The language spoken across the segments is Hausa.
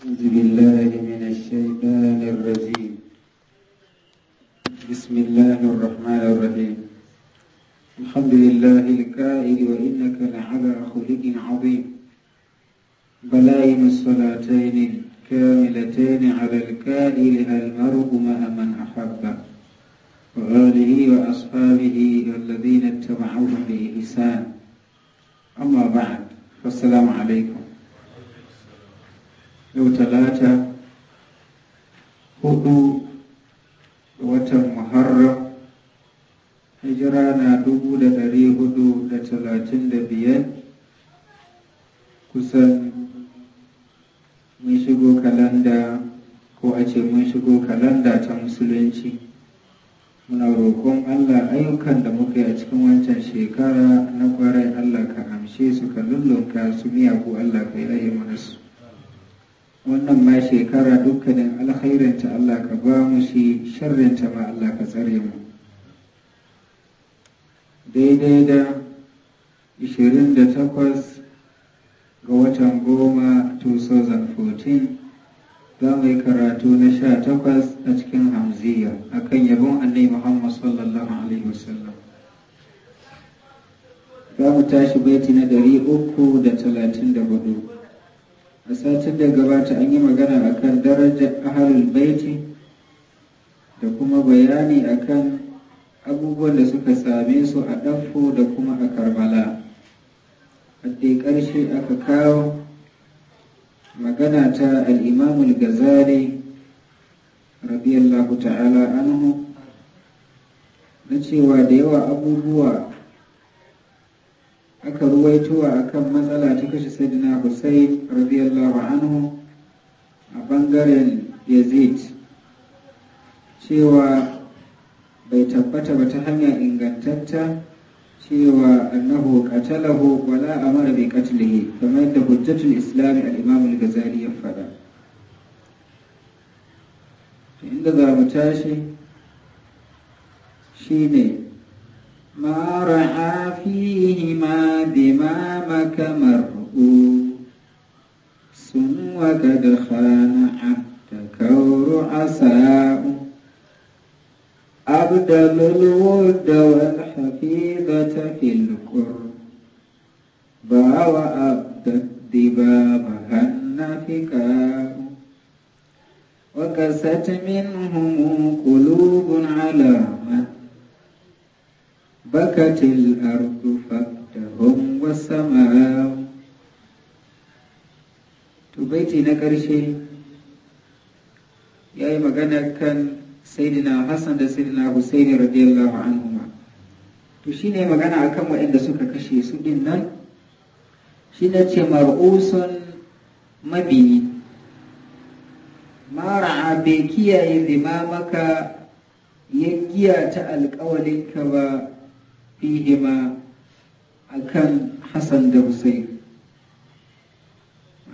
أعوذ بالله من الشيطان الرجيم بسم الله الرحمن الرحيم الحمد لله الكائل وإنك لعلى خلق عظيم بلائم الصلاتين الكاملتين على الكائل المرء مع من أحبه وآله وأصحابه الذين اتبعوه بإحسان أما بعد فالسلام عليكم yau talata hudu da watan muharram hijira na dubu da dari hudu da talatin da biyar kusan mun shigo kalanda ko a ce mun shigo kalanda ta musulunci muna roƙon allah ayyukan da muka yi a cikin wancan shekara na kwarai allah ka amshe su ka lullunka su miyagu allah ka yi mana wannan ma shekara dukkanin alkhairinta Allah ka ba mu shi sharrinta ma Allah ka tsare mu daidai da 28 ga watan goma 2014 za mu yi karatu na 18 a cikin hamziya akan yabon annai muhammad sallallahu alaihi wasallam za mu tashi baiti na 334 a satin da gabata an yi magana akan darajar ahalul baiti da kuma bayani akan abubuwan da suka same su a ɗaffo da kuma a Karmala. a ƙarshe aka kawo magana ta al'imamul Rabi radiyallahu ta'ala anhu na cewa da yawa abubuwa aka ruwaitowa kan matsala ta kashe sadina Hussein radiyallahu anhu a bangaren Yazid cewa bai tabbata ba ta hanya ingantatta cewa annahu qatalahu wala amara bi qatlihi kamar yadda hujjatul islam al-imam al-ghazali ya fada inda za mu tashi shine ما رعى فيهما دمامك مرء سم وقد خان عهدك ورعساء أبدل الود والحفيظة في با وأبدى الدباب النفكاء وكست منهم قلوب على بكت الأرض فقدهم والسماء تبيتي نكرشي يا مغانا كان سيدنا حسن da سيدنا حسين رضي الله عنهما to shine magana akan waɗanda suka kashe su din nan shi na ce mar'usun mabiyi mara'a bai kiyaye limamaka ya giya ta alƙawalinka ba fihima kan Hassan da Hussein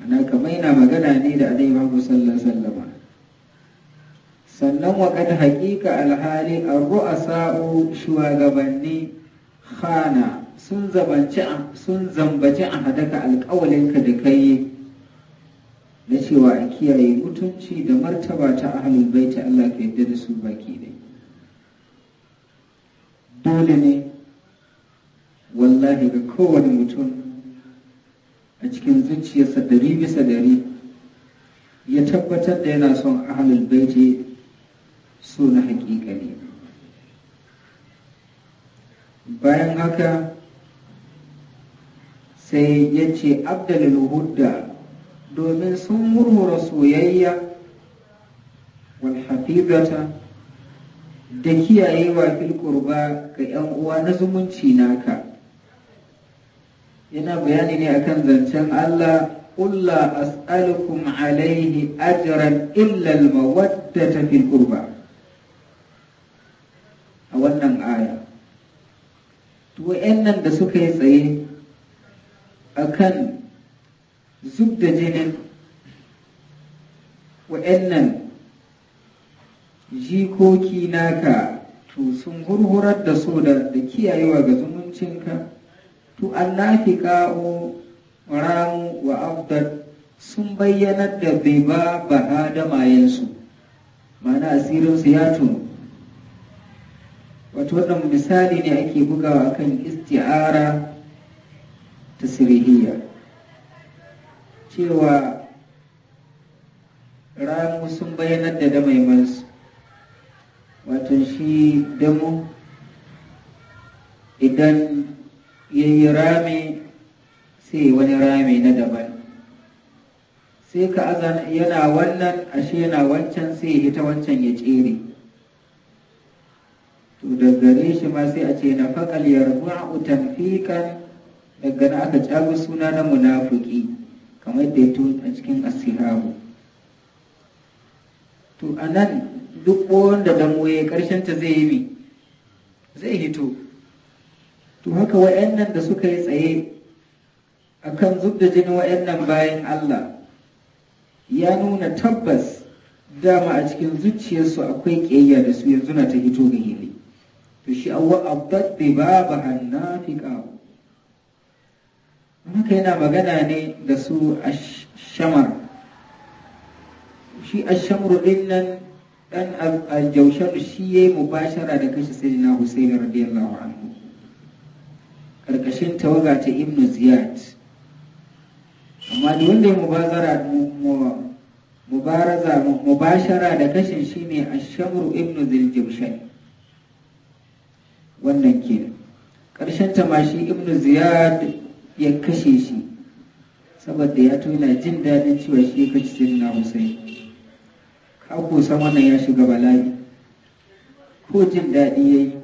ana kamar yana magana ne da Annabi Muhammad sallallahu sannan wakar hakika, alhali a ru'asa'u shugabanni khana sun zambaci a hadaka alƙawalinka da kai na cewa a kiyaye mutunci da martaba ta ahalul baita Allah ka yadda da su baki dai dole ne wallahi ga kowane mutum a cikin zuciyarsa dari bisa dari ya tabbatar da yana son ahalul baiti so na hakika bayan haka sai ya ce abdalin hudda domin sun murmura soyayya wal hafizata da kiyayewa fil ga 'yan uwa na zumunci naka yana bayani ne akan zancen Allah kulla as'alukum alaihi ajran illa al-mawaddata fil qurba a wannan aya to wayannan da suka yi tsaye akan zub da jinin wayannan jikoki naka to sun hurhurar da so da kiyayewa ga zumuncinka to Allah ki ka'o ramu wa abdad sun bayyanar da bai ba mana asirinsu ya tunu wato wannan misali ne ake bugawa kan isti'ara ta sirihiyya cewa ramu sun bayyanar da damaimansu wato shi damu idan ya yi rami sai wani rami na daban sai ka azan yana wannan ashe yana wancan sai ya hita wancan ya tsere to daggare shi ma sai a ce na faƙal yarfa'u tanfiqan daga na aka cagu suna na munafuki, kamar da ya a cikin asirahu to anan duk wanda damuwa ya karshen ta zai yi zai hito to haka wa'annan da suka yi tsaye akan zub da jini wa'annan bayan Allah ya nuna tabbas dama a cikin zuciyarsu akwai ƙiyayya da su yanzu na ta hito ga hili to shi awwa abbat bi babu hannafiqa haka yana magana ne da su ashamar shi a din nan dan aljaushar shi yayi mubashara da kashi sayyidina Husayn radiyallahu anhu karkashin tawaga ta ibn ziyad amma da wanda ya mubazara mubashara da kashin shine ashamru ibnu wannan kenan karshen ta mashi shi ziyad ya kashe shi saboda ya tuna jin daɗin cewa shi ya kashe na musai. ka kusa wannan ya shiga bala'i ko jin daɗi ya yi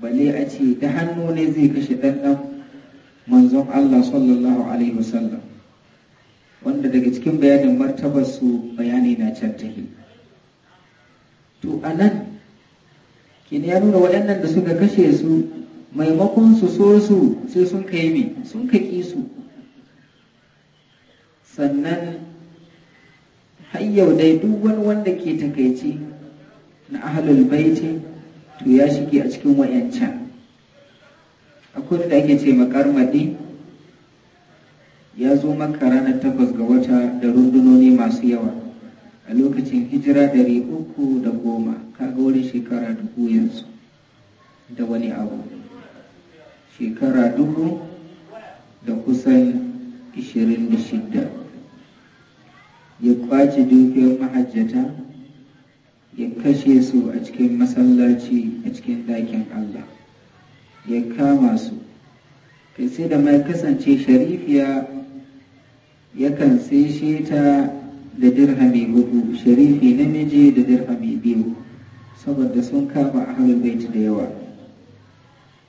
bale a ce ta hannu ne zai kashe ɗanɗan manzon Allah sallallahu alaihi wasallam wanda daga cikin bayanin martabarsu bayani na can take. to a nan kin ya nuna waɗannan da suka kashe su maimakon su so su sai sun ka yi sun ka ƙi su sannan har yau dai duk wani wanda ke takaici na ahlul baiti to ya shige a cikin wayancan akwai da ake ce madi ya zo maka ranar takwas ga wata da rundunoni masu yawa a lokacin hijira dari uku da goma kaga wurin shekara dubu yanzu da wani abu shekara dubu da kusan ishirin da shidda ya kwace dukiyar mahajjata ya kashe su a cikin masallaci a cikin ɗakin Allah ya kama su kai sai da mai kasance sharifiya yakan sai shi ta da dirhami hudu sharifi namiji da dirhami biyu saboda sun kama halin baiti da yawa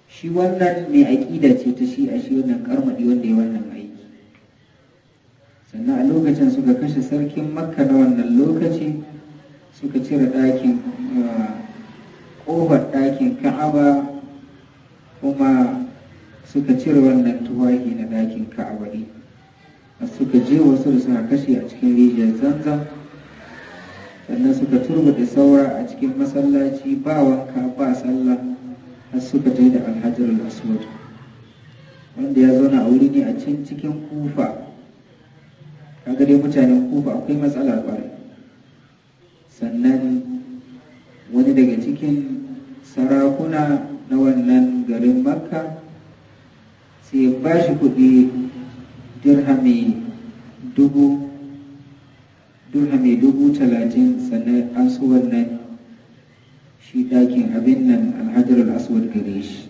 shi wannan mai aƙida ce ta shi a shi wannan karmadi wanda ya wannan aiki sannan a lokacin suka kashe sarkin makka na wannan lokaci suka cire ɗakin eh, ƙofar ɗakin ka'aba kuma suka cire wannan tuwaki na ɗakin ka'aba ne suka je wasu da suka kashe a cikin rijiyar zanzan sannan suka turbata saura a cikin masallaci ba wanka ba sallah har suka je da alhajar aswad wanda ya zauna a wuri ne a can cikin kufa kaga dai mutanen kufa akwai matsala ƙwarai sannan wani daga cikin sarakuna na wannan garin makka sai ya ba shi kuɗi dirhami dubu dirhami dubu talatin sannan an su wannan shi ɗakin abin nan alhajar al'aswar gare shi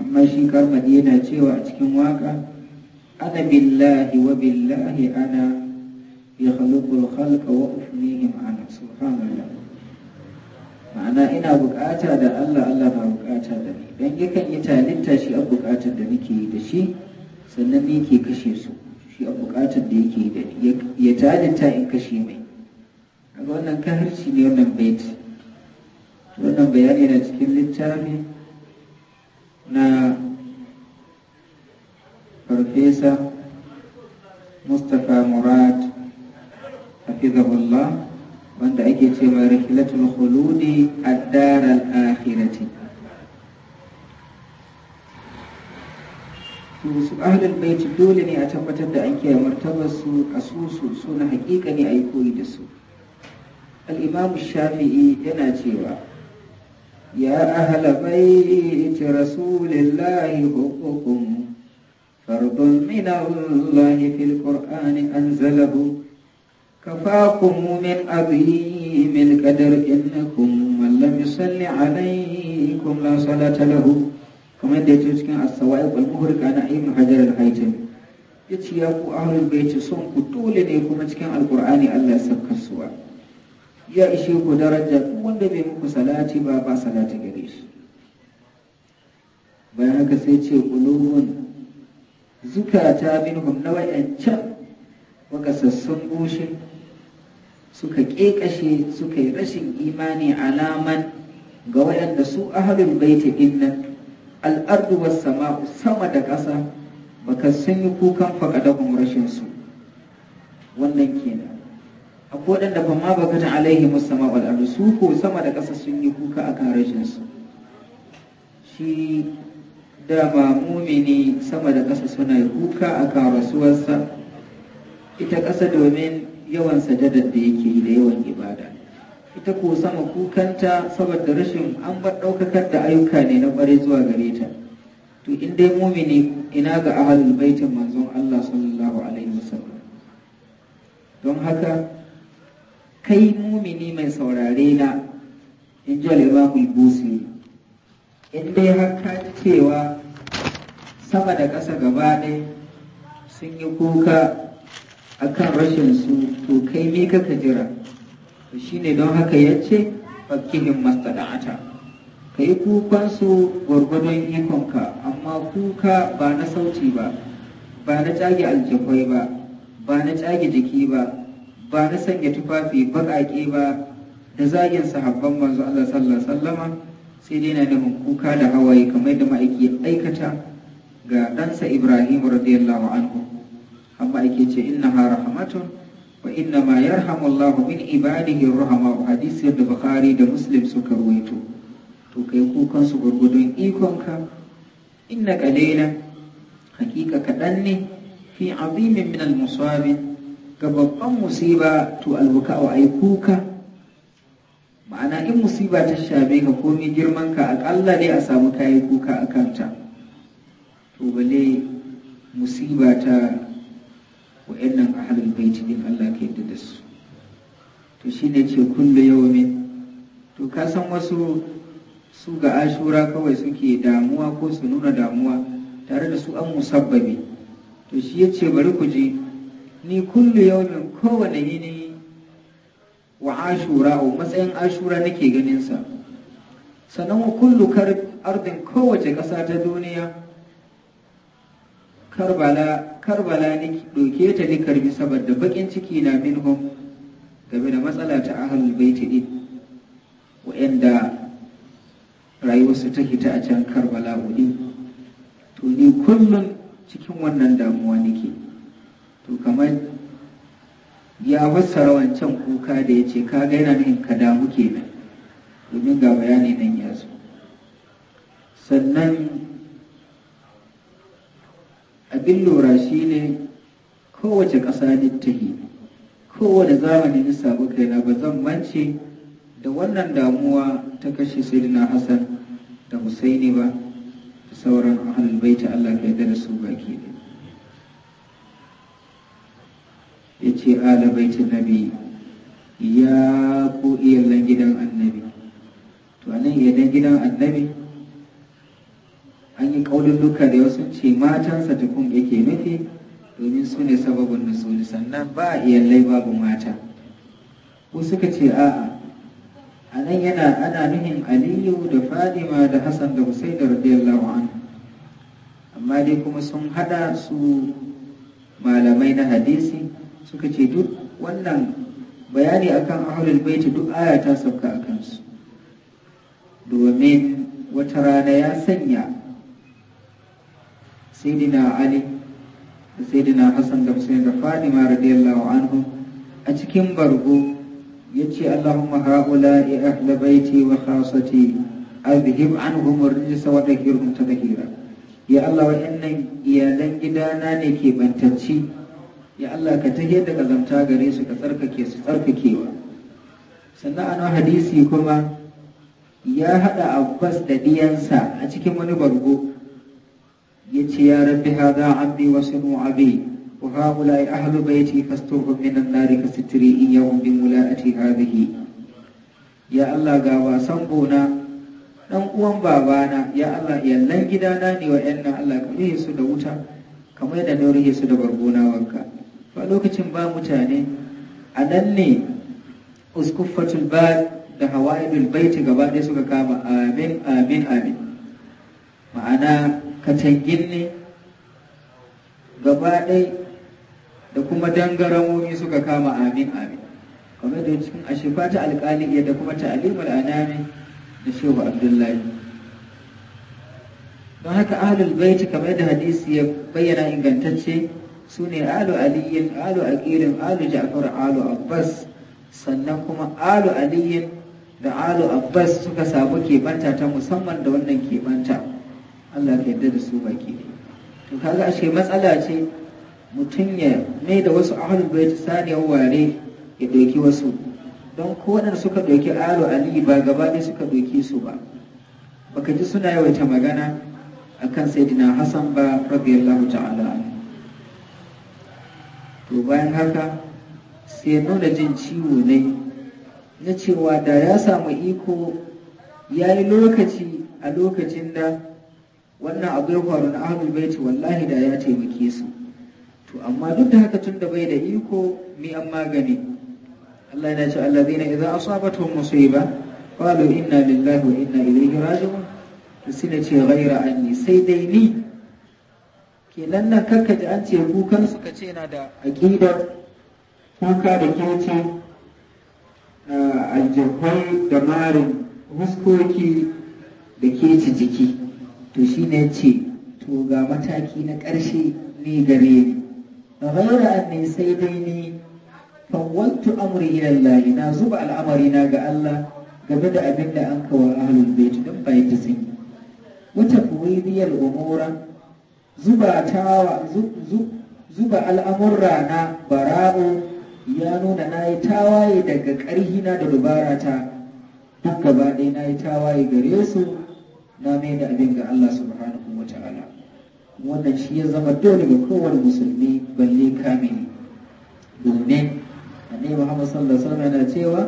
amma shi karmadi yana cewa a cikin waƙa. ana billahi wa billahi ana yakhluqul khalqa wa ufnihim ala subhanallah ma'ana ina bukata da Allah Allah na bukata da ni dan yakan yi litta shi a bukatar da nake da shi sannan ne ke kashe su shi a bukatar da yake da ya talinta in kashe mai kaga wannan kahirci ne wannan bait wannan bayani na cikin littafi na farfesa Mustapha Murad hafizahullah wanda ake cewa rihlatul khuludi ad-dar al-akhirati su ahlul bait dole ne a tabbatar da an kiyaye martabar su asusu su na hakika ne ayi koyi da su al-imam shafi'i yana cewa ya ahla bait rasulillahi hukukum fardun min Allah fil qur'ani anzalahu كفاكم من عظيم القدر إنكم من لم يصل عليكم لا صلاة له كما ديتو cikin as-sawa'iq al-muhrika na ibn hajar al-haytami yace ya ku ahlul bait son ku dole ne kuma cikin Alkur'ani Allah ya saka suwa ya ishe ku daraja duk wanda bai muku salati ba ba salati gare shi bayan haka sai ce ta zukata minhum nawa'an can wakasassun bushin suka ƙeƙashe suka yi rashin imani alaman ga waɗanda su ahalul baiti ɗin nan al'ardu wasu sama'u sama da ƙasa baka sun yi kukan faƙadahun rashin su wannan kenan akwai waɗanda ba ma baka ta alaihi musu sama al'adu su ko sama da ƙasa sun yi kuka akan rashin su shi ba mumini sama da ƙasa suna yi kuka kan rasuwarsa ita ƙasa domin yawan sajadar da yake yi da yawan ibada ita ko sama kukanta saboda rashin an bar ɗaukakar da ayyuka ne na ƙware zuwa gare ta to in dai mumini ina ga ahalul baitin manzon Allah sallallahu alaihi wasallam don haka kai mumini mai saurare na in ji al'imamul busi in dai har ka cewa sama da ƙasa gaba ɗaya sun yi kuka akan rashin su to kai me kaka jira to shine don haka yace fakihin mastada'ata kai kukan su gwargwadon ikonka amma kuka ba na sauti ba ba na tsage aljakwai ba ba na tsage jiki ba ba na sanya tufafi baƙaƙe ba da zagin sahabban manzo Allah sallallahu alaihi wasallama sai dai na nufin kuka da hawaye kamar da ma'aiki aikata ga ɗansa Ibrahim radiyallahu anhu amma yake ce inna ha rahmatun wa inna ma yarhamu Allahu min ibadihi rahama hadisi da Bukhari da Muslim suka ruwaito to kai kukan su gurgudun ikon ka inna qalilan hakika kaɗan ne fi azimin min al-musabi ga babban musiba to albuka wa ai kuka ma'ana in musiba ta shabe ka komai girman ka akalla ne a samu kayan kuka akanta kanta to bale musiba ta wa'annan ahlul baiti din Allah ka da su to shi ne ce yau min. to ka san wasu su ga ashura kawai suke damuwa ko su nuna damuwa tare da su an musabbabi to shi ya ce bari ku ji ni kullu min kowane yini wa ashura o matsayin ashura nake ganinsa sannan wa kullu ardin kowace ƙasa ta duniya karbala karbala ni doke ta ni karbi saboda bakin ciki na minhum game da matsala ta ahlul baiti din wa'anda rayuwarsu ta hita a can karbala udi to ni kullum cikin wannan damuwa nake to kamar ya fassara wancan kuka da ya ce kaga yana nuhin ka damu kenan domin ga bayani nan ya zo sannan abin lura shi ne kowace ƙasa littafi kowane zamani na sabu kaina ba zan mance da wannan damuwa ta kashe sayyidina hassan da husaini ba da sauran ahlul ta Allah ka yarda da su baki ne Ya ce ala ta nabi ya ku iya gidan annabi to anan iyalan gidan annabi matsalolin duka da wasu ce matansa kun yake nufi domin su ne sababin nusuli sannan ba a iya lai babu mata ko suka ce a'a a nan yana ana nuhin aliyu da fadima da hassan da husai da radiyallahu anhu amma dai kuma sun hada su malamai na hadisi suka ce duk wannan bayani akan ahlul baiti duk aya ta sauka akan su domin wata rana ya sanya sayyidina ali da sayyidina hasan da husain da fadima radiyallahu anhu a cikin bargo yace allahumma haula'i ahla baiti wa khasati azhib anhum ar-rijsa wa tahhirhum tadhira ya allah wa'annan iyalan gidana ne ke bantacci ya allah ka tahe da kazamta gare su ka tsarkake su tsarkakewa sannan a hadisi kuma ya haɗa abbas da diyansa a cikin wani bargo Ya rabbi يتي يا رب هذا عبدي وصنوا عبي وهؤلاء أهل بيتي فاسترهم من النار كستري إياهم بملاءة هذه يا الله قاوى سنبونا dan uwan babana ya Allah yallan gidana ne wa yan Allah ka rihe su da wuta kamar yadda na rihe su da bargona wanka ba lokacin ba mutane a nan ne uskuffatul ba da hawaidul baiti gaba ɗaya suka kama amin amin amin ma'ana katangin ne gaba ɗai da kuma dangaramomi suka kama amin amin kamar da cikin ashifa ta alƙaliya da kuma ta'alimul anami da shehu abdullahi don haka ahlul baiti kamar da hadisi ya bayyana ingantacce su ne alu aliyin alu aqirin alu ja'far alu abbas sannan kuma alu aliyin da alu abbas suka samu keɓanta ta musamman da wannan keɓanta Allah ka yarda da su baki to kaga ashe matsala ce mutum ya mai da wasu ahlul bait saniyar ware ya doki wasu don ko wadanda suka doki alu ali ba gaba ne suka doki su ba baka ji suna yawaita magana akan sayyidina hasan ba radiyallahu ta'ala to bayan haka sai nuna jin ciwo ne na cewa da ya samu iko ya yi lokaci a lokacin da wannan abu ya faru na ahlul baiti wallahi da ya taimake su to amma duk da haka tun da bai da iko mi an magani Allah ya ce allazina idza asabatuhum musiba qalu inna lillahi wa inna ilaihi raji'un to ne ce ghaira anni sai dai ni kenan nan karka ji an ce kukan suka ce na da aqidar kuka da a ah, aljihwai da marin huskoki da keci jiki to shi ne ce to ga mataki na ƙarshe ne gare ni ghaira ne sai dai ni fawwaltu amri ila Allah na zuba al'amari na ga Allah game da abin da an kawo ahlul bait dan bai ta sun wata fuwidiyal umura zuba tawa zuba al'amurra na bara'u ya nuna na yi tawaye daga ƙarhina da dubara ta duk gaba ɗaya na yi tawaye gare su na mai da abin ga Allah subhanahu wa ta'ala wannan shi ya zama dole ga kowane musulmi balle kamili domin annabi Muhammad sallallahu alaihi wasallam yana cewa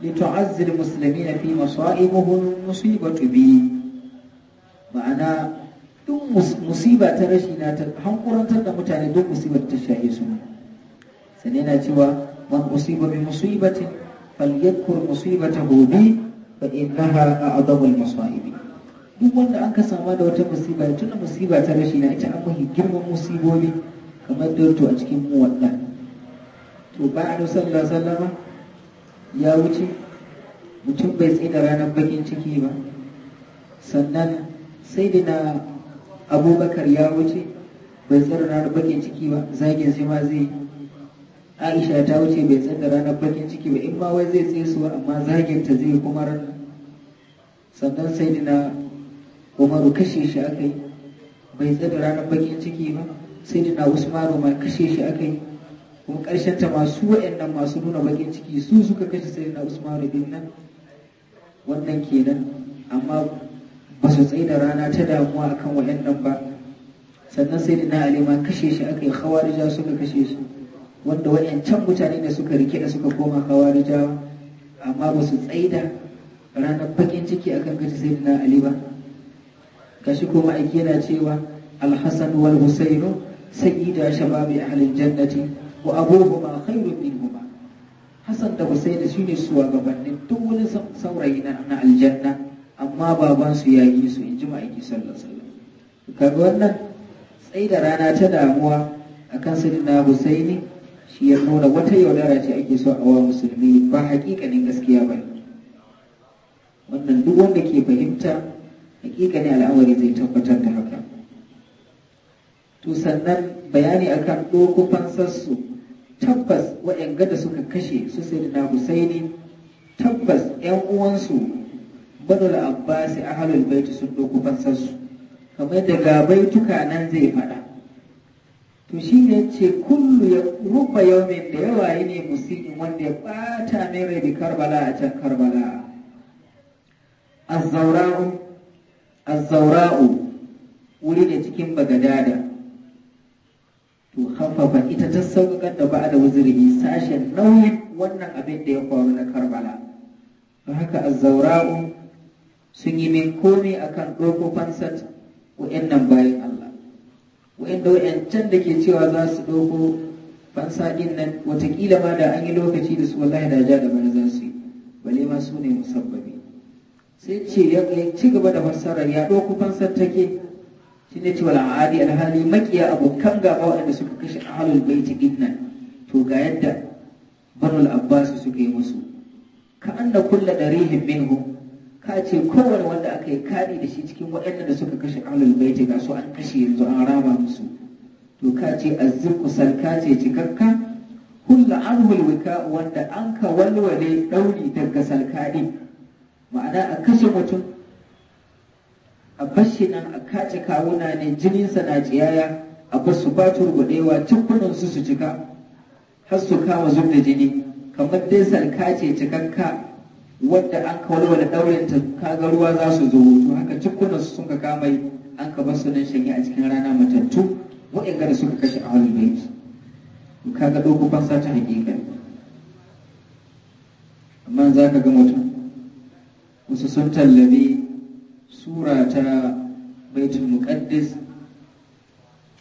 li tu'azzil muslimina fi masa'ibuhum musibatu bi ma'ana duk musiba ta rashi na ta hankurantar da mutane duk musibar ta shahe su sannan yana cewa man usiba bi musibatin falyadhkur musibatahu bi fa innaha a'dhamu al-masa'ib duk wanda an ka sama da wata musiba ya tuna musiba ta rashi na ita an mahi girman musibobi kamar dorto a cikin muwadda to ba a da sallama ya wuce mutum bai tsina ranar bakin ciki ba sannan sai da na abubakar ya wuce bai tsira ranar bakin ciki ba zagin sai ma zai aisha ta wuce bai da ranar bakin ciki ba in ma wai zai tsaye suwa amma zagin ta zai kuma ranar sannan sai da na umaru kashe shi aka yi bai tsada ranar bakin ciki ba sai na usmanu ma kashe shi aka yi kuma ƙarshen ta masu wa'annan masu nuna bakin ciki su suka kashe sai na usmanu din nan wannan kenan amma ba su tsaye da rana ta damuwa akan wa'annan ba sannan sai na ali ma kashe shi aka yi hawarija suka kashe shi wanda can mutane da suka rike da suka koma hawarija amma ba su da ranar bakin ciki akan kashe sai na ali ba Kashi kuma aiki yana cewa alhassan wal husainu sayyida shababi halin jannati wa abuhuma khairun minhuma hassan da husainu suwa gabanin duk wani saurayi na aljanna amma baban su ya yi su inji ma'aiki sallallahu alaihi wasallam kaga wannan tsayi da rana ta damuwa akan na husaini shi ya nuna wata yaudara ce ake so a wa musulmi ba hakikanin gaskiya ba wannan duk wanda ke fahimta hakika ne al'amari zai tabbatar da haka to sannan bayani akan ɗoko sassu, tabbas waɗanga da suka kashe su sai da husaini tabbas 'yan uwansu badal abbasi a halin baiti sun ɗoko sassu, kamar yadda gabaituka nan zai faɗa to shi ne ce kullu ya rufa yaumin da yawa yi ne Musulmi, wanda ya ɓata mai rai karbala a can karbala A zaura'un azzaura'u wuri ne cikin bagadada to haffafa ita ta sauƙaƙar da ba da wuzirhi sashen nauyin wannan abin da ya faru na karbala don haka azzaura'u sun yi min komai akan ɗauko fansat wa'annan bayan Allah wa'anda can da ke cewa za su ɗauko fansa ɗin nan watakila ma da an yi lokaci da su wallahi da ja da bana za su yi bale ma su ne musabbabi sai ce ya ci gaba da fassarar ya ɗauko fansar take shi ne ce wala ma'adi alhali makiya abokan gaba waɗanda suka kashe ahalul baiti idnan to ga yadda banul abbasu suka yi musu ka anna kulla darihin minhu ka ce kowane wanda aka yi kari da shi cikin waɗanda da suka kashe ahalul baiti ga su an kashe yanzu an raba musu to ka ce azzirku sarka ce cikakka kulla anhul wika wanda an ka walwale ɗauri daga salka ɗin ma'ana a kashe mutum a bashi nan a kace kawuna ne jininsa na tsiyaya a basu ba turgudewa cikunan su su cika har su kama zub da jini kamar dai sarka ce cikakka wadda an ka wani daurin ta kaga ruwa za su zo to haka cikunan su sun ka kama an ka basu nan shanye a cikin rana matattu wa'in da suka kashe a wani baiti kaga ɗauko fansa ta hakika amma za ka ga mutum wasu sun tallabi sura ta baitul muqaddis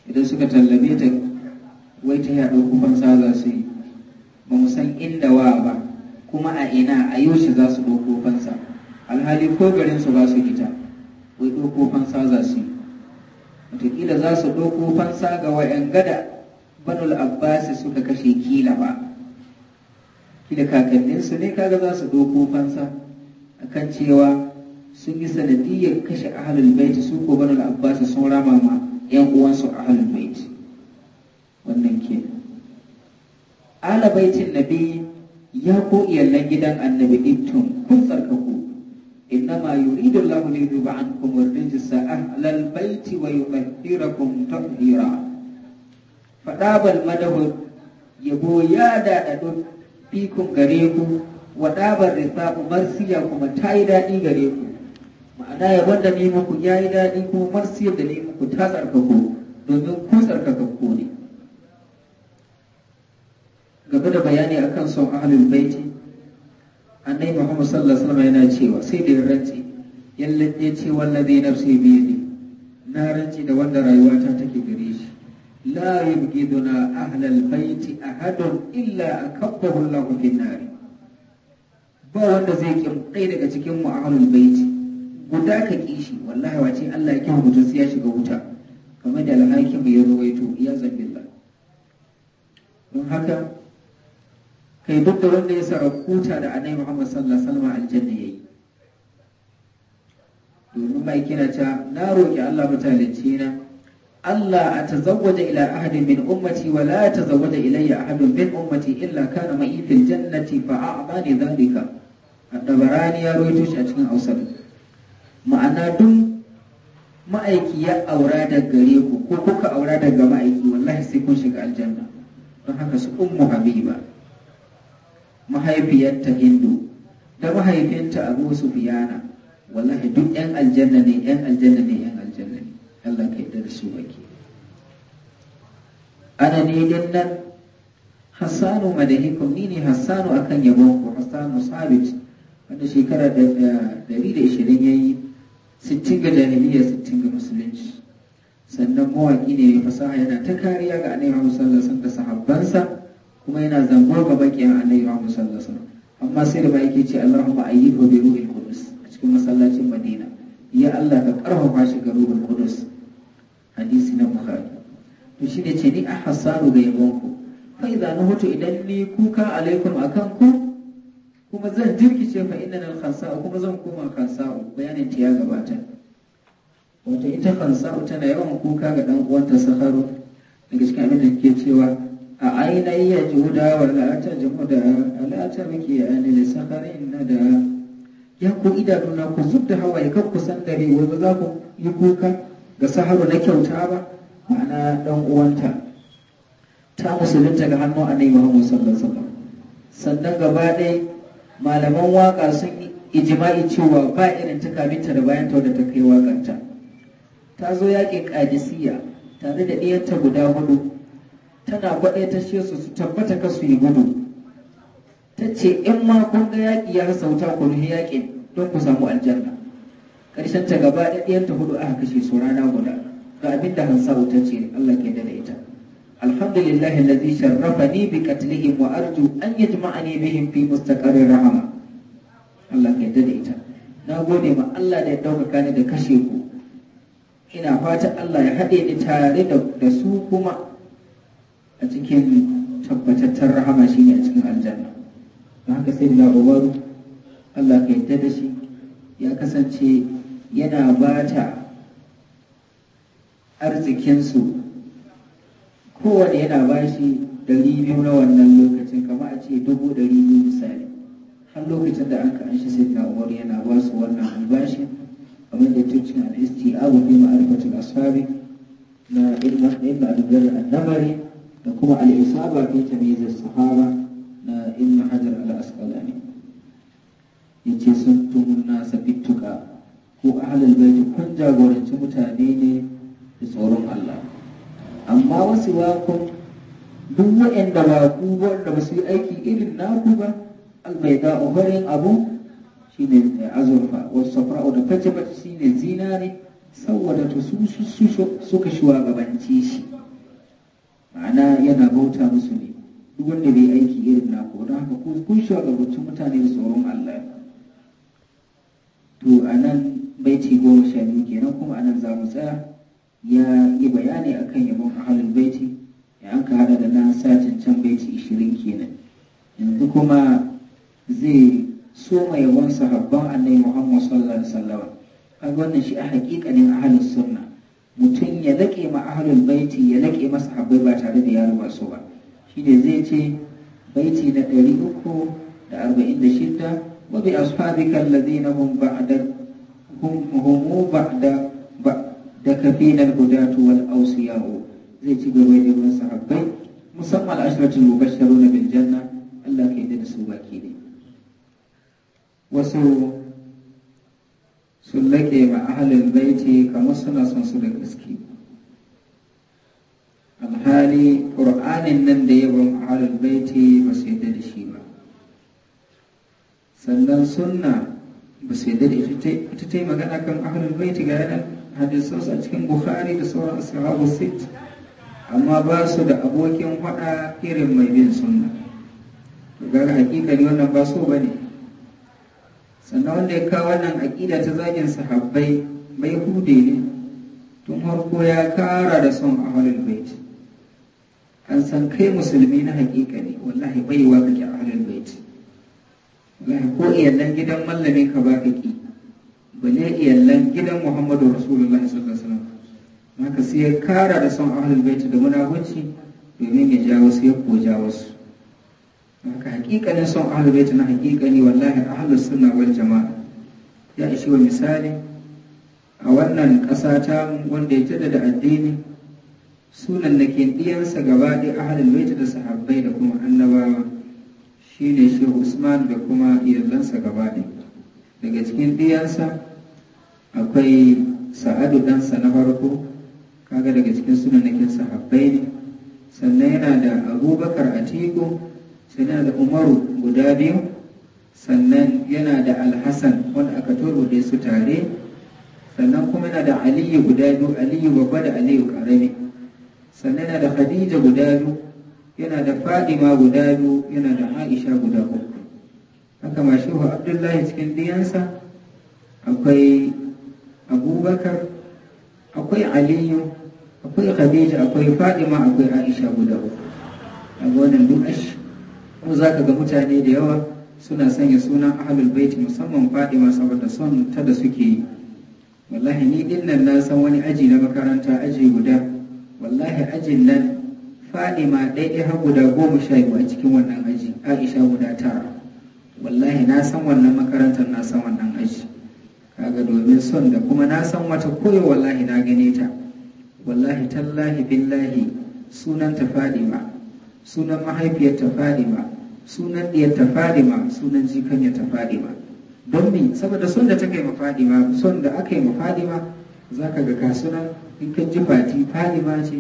idan suka tallabe ta wai ta yaɗa kufan za su yi ba mu san inda wa ba kuma a ina a yaushe za su ɗauko fansa alhali ko su ba su hita wai ɗauko fansa za su yi wataƙila za su ɗauko fansa ga wayan gada banul abbasi suka kashe kila ba kila kakanninsu ne kaga za su ɗauko fansa kan cewa sun yi sanadiyar kashe ahalul baiti su ko bani al-abbas sun rama ma yan uwansu ahalul baiti wannan ke ala nabi ya ko iyallan gidan annabi ibtum kun sarkaku inna ma yuridu allah li yuba ankum wa tajsa ahlal bait wa yumahhirakum tahira fadabal madahu yabo ya daɗaɗun da gare ku Waɗabar ɗabar marsiya kuma ta yi daɗi gare ku ma'ana ya da ne muku ya yi daɗi kuma marsiyar da ne muku ta tsarkako domin ku tsarkakakku ne gaba da bayani akan son ahlul baiti annai muhammad sallallahu alaihi yana cewa sai da rantsi yallan ya ce zai nafsi bi ne. na rantsi da wanda rayuwa ta take gare shi la yubgiduna ahlal baiti ahadun illa akabbahu lahu bin nari ba wanda zai ƙi ɗaya daga cikin mu ahlul baiti guda ka ƙi shi wallahi wace Allah ya kihu mutum sai ya shiga wuta kamar da alhakim ya ruwaito ya zabilla don haka kai duk da wanda ya sa kuta da annabi Muhammad sallallahu alaihi wasallam aljanna yayi domin mai kira ta na roki Allah mutalici na Allah a tazawwaja ila ahadin min ummati wa la tazawwaja ilayya ahadun min ummati illa kana ma'i fil jannati fa a'mani dhalika Ad-Dabarani ya rawaito shi a cikin Hausar ma'ana duk ma'aiki ya aura daga gare ku ko kuka aura daga ma'aiki wallahi sai kun shiga aljanna don haka su ummu habiba mahaifiyarta hindu da mahaifinta abu sufiyana wallahi duk ƴan aljanna ne ƴan aljanna ne yan Allah ka da su baki ana ne dan nan hassanu madahikum ni ne hassanu akan yabon ku hasanu sabit wanda shekara da 120 yayi sittin ga jahiliya sittin ga musulunci sannan mawaki ne fasaha yana ta kariya ga annabi Muhammad sallallahu alaihi wasallam da sahabbansa kuma yana zambo ga bakiyan annabi Muhammad sallallahu alaihi wasallam amma sai da ba yake ce Allahumma ayyidhu bi ruhil qudus a cikin masallacin Madina ya Allah ka karfafa shi ga ruhul qudus hadisi na bukhari to shi ne ce ni a hasaru ga yabonku fa na nuhutu idan ni kuka alaikum akan ku kuma zan jirkice fa inna al khasa'u kuma zan koma khasa'u bayanin ta ya gabata wato ita khasa'u tana yawan kuka ga dan uwanta saharu daga cikin abin da ke cewa a ainihin ya wa la'ata juda la'ata miki a ne saharin na da ya ku idanuna ku zub da hawaye kan ku san dare wai ba za ku yi kuka ga saharu na kyauta ba ma'ana dan uwanta ta musulunta ga hannu a Muhammad sallallahu alaihi sannan gaba ɗaya malaman waƙa sun ijima'i cewa ba irin ta kaminta da bayan da ta kai wakanta ta zo yakin kadisiya tare da ɗiyanta guda hudu tana kwaɗe ta su su tabbata ka yi gudu ta ce in ma kun ga yaƙi ya sauta ku nuhi yaƙin don ku samu aljanna ƙarshen ta gaba da ɗayan ta hudu aka kashe su rana guda ga abin da hansa ta ce Allah ke da ita alhamdulillah alladhi sharrafani bi qatlihim wa arju an yajma'ani bihim fi mustaqarrir rahama Allah ke da ita na gode ma Allah da ya ɗaukaka ni da kashe ku ina fata Allah ya haɗe ni tare da su kuma a cikin tabbatattar rahama shine a cikin aljanna da haka sai da umaru Allah ka yarda da shi ya kasance yana ba ta arzikinsu kowane yana ba shi ɗari biyu na wannan lokacin kama a ce dubu ɗari biyu misali har lokacin da an an shi sai da umaru yana ba su wannan albashin abin da tuncin al'isti'abu bi ma'arifatul ashabi na ilmin abin annabari da kuma al'isaba fi tamizar sahaba na ibn hajar al-asqalani yace sun tumun nasa fituka ko ahlul baiti kun jagoranci mutane ne da tsoron Allah amma wasu ku duk waɗanda ba ku wanda ba su yi aiki irin naku ba albaida ubarin abu shine azurfa wasu safra'u da fata shi ne zinare saboda ta su suka shugabanci shi ma'ana yana bauta musu ne duk wanda bai aiki irin na ko don haka ko kun shugabancin mutane da tsoron Allah to a nan baiti goma sha biyu kenan kuma a nan za mu tsaya ya yi bayani akan yabon ahalin baiti ya an ka hada da na satin can baiti ishirin kenan yanzu kuma zai so soma yabon sahabban annai Muhammad sallallahu alaihi wasallam kaga wannan shi a hakikanin ahalin sunna mutum ya laƙe ma ahalin baiti ya laƙe masa habbai ba tare da ya ruba so ba shine zai ce baiti na ɗari uku da arba'in da shida wa bi ashabika alladhina hum ba'da hum ba'da da kafina al-hudatu wal zai ci gaba da ruwan sahabbai musamman al-ashratul mubashsharuna bil janna Allah ke yarda da su baki ne wasu sun laƙe ma ahalin baiti kamar suna son su da gaske alhali ƙur'anin nan da yawan ahalul baiti ba su yadda da shi ba sannan sunna ba su yadda da ita ta yi magana kan ahalul baiti ga yanar hadisansu a cikin Buhari da sauran ashabu sit amma ba su da abokin faɗa irin mai bin sunna gara hakikali wannan ba so ba ne sannan wanda ya kawo wannan aƙida ta zagin sahabbai mai hude ne tun harko ya kara da son ahalul baiti an san kai musulmi na hakika ne wallahi baiwa kake halin bait wallahi ko iyallan gidan mallamin ka ba ka ki bale iyallan gidan muhammadu rasulullahi sallallahu alaihi wasallam haka sai ya kara da son ahlul bait da munafunci domin ya jawo sai ya koja wasu haka hakikanin son ahlul bait na hakika ne wallahi ahlus sunna wal jama'a ya ishi wa misali a wannan ƙasa ta wanda ya jaddada da addini sunan da ke ɗiyarsa gaba ɗaya ahalin baita da sahabbai da kuma annabawa shine shi usman da kuma iyalansa gaba ɗaya daga cikin ɗiyarsa akwai sa'adu ɗansa na farko kaga daga cikin sunan da ke sahabbai ne sannan yana da abubakar atiku sannan yana da umaru guda biyu sannan yana da alhassan wanda aka da su tare sannan kuma yana da aliyu guda biyu aliyu babba da aliyu karami sannan yana da khadija guda biyu yana da fadima guda biyu yana da aisha guda uku haka ma shehu abdullahi cikin diyansa akwai abubakar akwai aliyu akwai khadija akwai fadima akwai aisha guda uku a wannan Dukash kuma za ka ga mutane da yawa suna sanya sunan ahlul bait musamman fadima saboda son ta da suke yi wallahi ni din nan na san wani aji na makaranta aji guda wallahi ajin nan fadima ɗaiɗai har guda goma sha biyu a cikin wannan aji aisha guda tara wallahi na san wannan makarantar na san wannan aji kaga domin son da kuma na san wata koyo wallahi na gane ta wallahi tallahi billahi sunan ta fadima sunan mahaifiyar ta fadima sunan diyar ta fadima sunan jikanyar ta fadima don me saboda son da ta kai ma fadima aka yi ma fadima za ka ga kasuna in ka ji fati fadima ce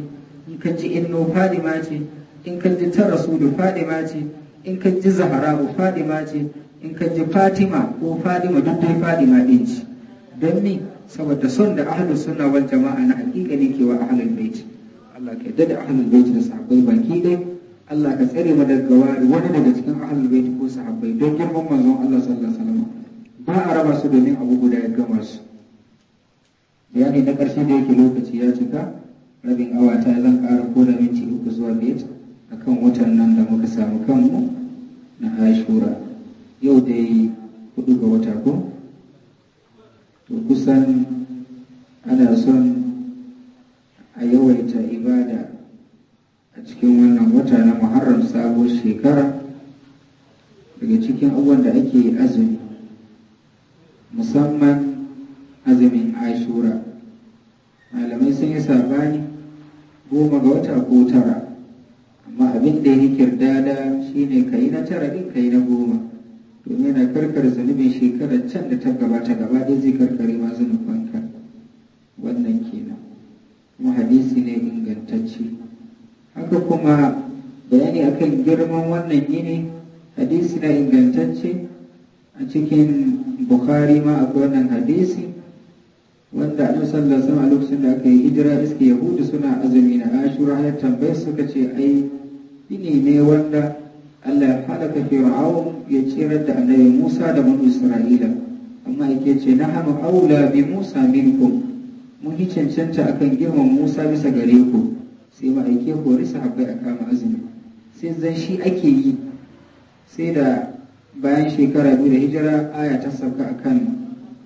in ka ji inno fadima ce in ka ji ta rasulu fadima ce in ka ji zahara'u fadima ce in ka ji fatima ko fadima duk dai fadima din ci don ni, saboda son da ahlus sunna wal jama'a na hakika ne ke wa ahlul baiti Allah ka yarda da ahlul bait da sahabbai baki dai Allah ka tsare mu daga wani daga cikin ahlul baiti ko sahabbai don girman manzon Allah sallallahu alaihi wasallam ba a raba su domin abu guda ya gama su bayani na ƙarshe da yake lokaci ya cika rabin awa ta zan ƙara ko da minti uku zuwa a kan watan nan da muka samu kanmu na ashura yau dai hudu ga wata ko to kusan ana son a yawaita ibada a cikin wannan wata na muharram sabuwar shekara daga cikin abubuwan da ake azumi musamman azumin ashura malamai sun yi sabani goma ga wata ko tara amma abin da ya kirdada shine ka yi na tara ɗin ka yi na goma domin yana karkar zunubin shekarar can da ta gabata gaba ɗaya zai karkare ma zunubanka wannan kenan kuma hadisi ne ingantacce haka kuma bayani kan girman wannan gini hadisi na ingantacce a cikin bukhari ma akwai wannan hadisi wanda annabi sallallahu alaihi a lokacin da aka yi hijira iske yahudu suna azumi na ashura ya tambaye suka ce ai ini ne wanda Allah ya halaka fir'aun ya cirar da annabi Musa da banu Isra'ila amma yake ce nahnu aula bi Musa minkum mun yi cancanta akan girman Musa bisa gare ku sai ma aike hori sahabbai a kama azumi sai zan shi ake yi sai da bayan shekara biyu da hijira aya ta sauka akan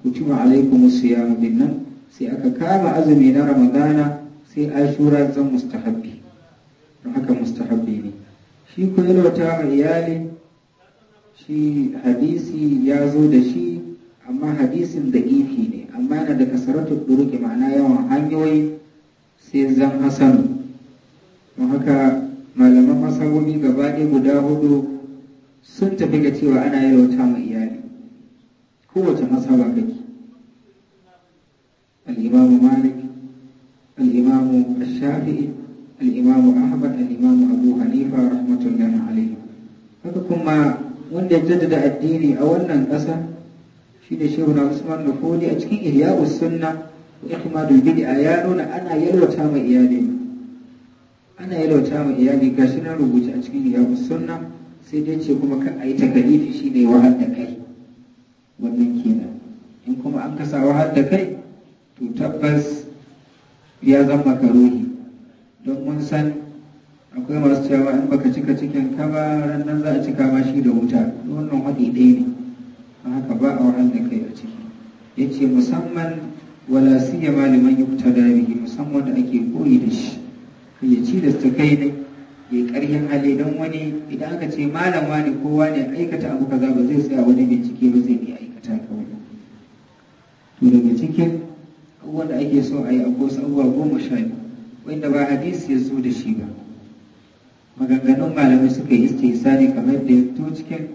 kutuma alaikum siyamu din sai aka kama azumi na ramadana sai ashura zan mustahabbi don haka mustahabbi ne shi ko ta iyali shi hadisi ya zo da shi amma hadisin da ifi ne amma yana da kasaratu duruki ma'ana yawan hanyoyi sai zan hasanu don haka malaman masabobi gaba ɗaya guda hudu sun tafi ga cewa ana yalwata ma iyali kowace mazhaba kake al-imam malik al-imam Al'imamu al Al'imamu Abu-Halifa imam abu hanifa rahmatullahi alayhi haka kuma wanda ya jaddada addini a wannan ƙasa shi da shehu na usman nufodi a cikin ihya'us sunna wa ihmadul bid'a ya nuna ana yalwata ma iyali ana yalwata ma iyali gashi na rubuta a cikin ihya'us sunna sai dai ce kuma kan ayi takalifi shine wahal da kai wannan kenan in kuma an kasawa har da kai to tabbas ya zama ruhi, don mun san akwai masu cewa in baka cika cikin ka ba za a cika ma shi da wuta wannan wadi ɗaya ne a haka ba a wahal da kai a ciki ya ce musamman wala siya malaman ya fita da bihi musamman da ake koyi da shi ya ci da su kai ne ya ƙarfin hali don wani idan aka ce malama ne kowa ne aikata abu kaza ba zai tsaya wani bincike ba zai yi bukata kawai to daga cikin abubuwan ake so a yi akwai wasu goma sha biyu wanda ba hadisi ya zo da shi ba maganganun malamai suka yi istihsani kamar da ya fito cikin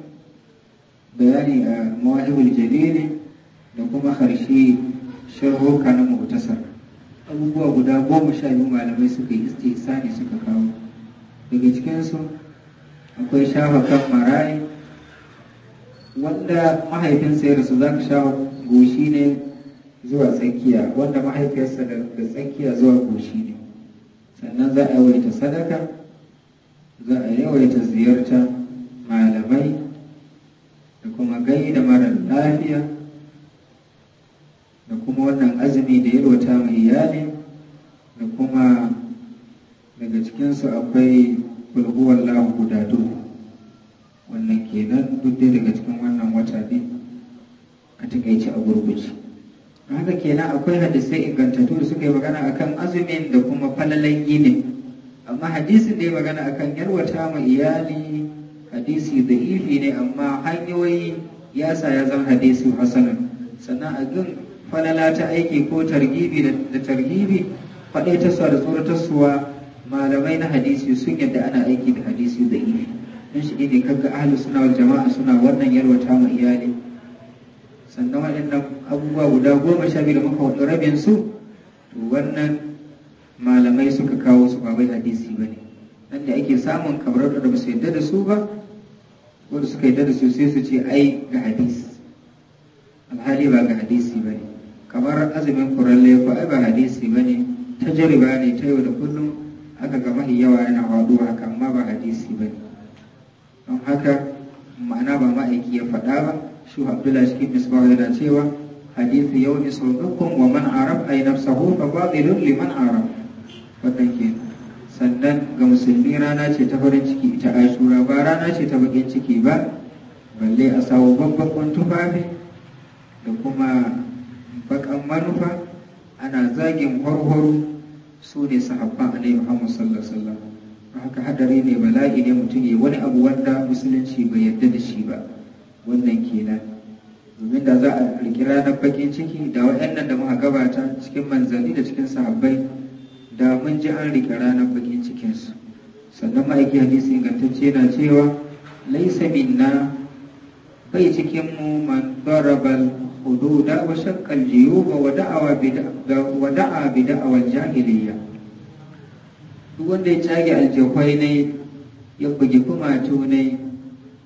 bayani a mawahibul jalili da kuma harshe sharhoka na mutasar abubuwa guda goma sha biyu malamai suka yi istihsani suka kawo daga cikinsu akwai shafa kan marayi wanda mahaifinsa ya rasu za ka sha goshi ne zuwa tsakiya wanda mahaifiyarsa da tsakiya zuwa goshi ne sannan za a yawaita sadaka za a yawaita ziyarta malamai da kuma Gai da mara lafiya da kuma wannan azumi da rota mai iyali da kuma daga cikinsu akwai lahu guda duhu kenan eh, duk dai daga cikin wannan wata ne a takaice a gurguji haka kenan akwai hadisai ingantattu da suka yi magana akan azumin da kuma falalan yini amma hadisin da ya magana akan yarwata ma iyali hadisi da ifi ne amma hanyoyi ya sa ya zama hadisi hasanan sannan a gan falala ta aiki ko targibi da targibi suwa da tsoratarsuwa malamai na hadisi sun yadda ana aiki da hadisi da ifi in shi ne ga ahli suna wa jama'a suna wannan yalwata ma iyali sannan waɗannan abubuwa guda goma sha biyu da muka wato rabin su to wannan malamai suka kawo su ba bai hadisi ba ne nan da ake samun kamar da ba su yadda da su ba wanda suka yadda da su sai su ce ai ga hadisi alhali ba ga hadisi ba ne kamar azumin kuralle ko ai ba hadisi ba ne ta jariba ne ta yau da kullum haka ga mahi yawa yana faɗuwa haka amma ba hadisi ba ne don haka ma'ana ba ma'aiki ya faɗa ba shi abdullahi cikin misbahu yana cewa hadithu yau ne dukkan wa man arab ai nafsahu a batilun liman arab wannan ke sannan ga musulmi rana ce ta farin ciki ita ashura ba rana ce ta bakin ciki ba balle a sawo babban tufafi da kuma bakan manufa ana zagin horhoro su ne sahabba annabi Muhammad sallallahu alaihi hadari ne bala'i ne mutum ya wani abu wanda musulunci bai yarda da shi ba wannan kenan domin da za a riƙe ranar bakin ciki da waɗannan da muka gabata cikin manzanni da cikin sahabbai da mun ji an rike ranar bakin cikinsu sannan ma'aiki hadisi ingantacce na cewa laisa minna bai cikin mu man darabal hududa wa shaqqal jiyuba wa da'awa bid'a wa da'a bid'a wal jahiliyya duk wanda ya cage aljakwai ne ya bugi kumatu ne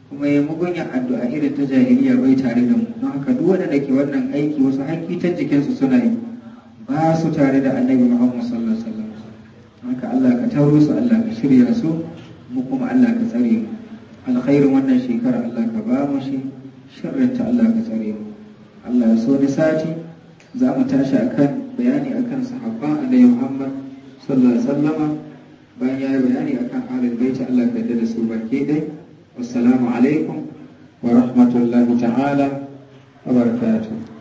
kuma ya mugunya addu'a irin ta jahiliya bai tare da mu don haka duk wanda ke wannan aiki wasu hanki ta jikinsu suna yi ba su tare da annabi muhammad sallallahu alaihi wasallam haka allah ka taro su allah ka shirya su mu kuma allah ka tsare mu alkhairu wannan shekara allah ka ba mu shi ta allah ka tsare mu allah ya so ni sati za mu tashi akan bayani akan sahabban annabi muhammad sallallahu alaihi wasallam bayan ya yi bayani akan alal baiti Allah ya yarda da su barke dai assalamu alaikum wa rahmatullahi ta'ala wa barakatuh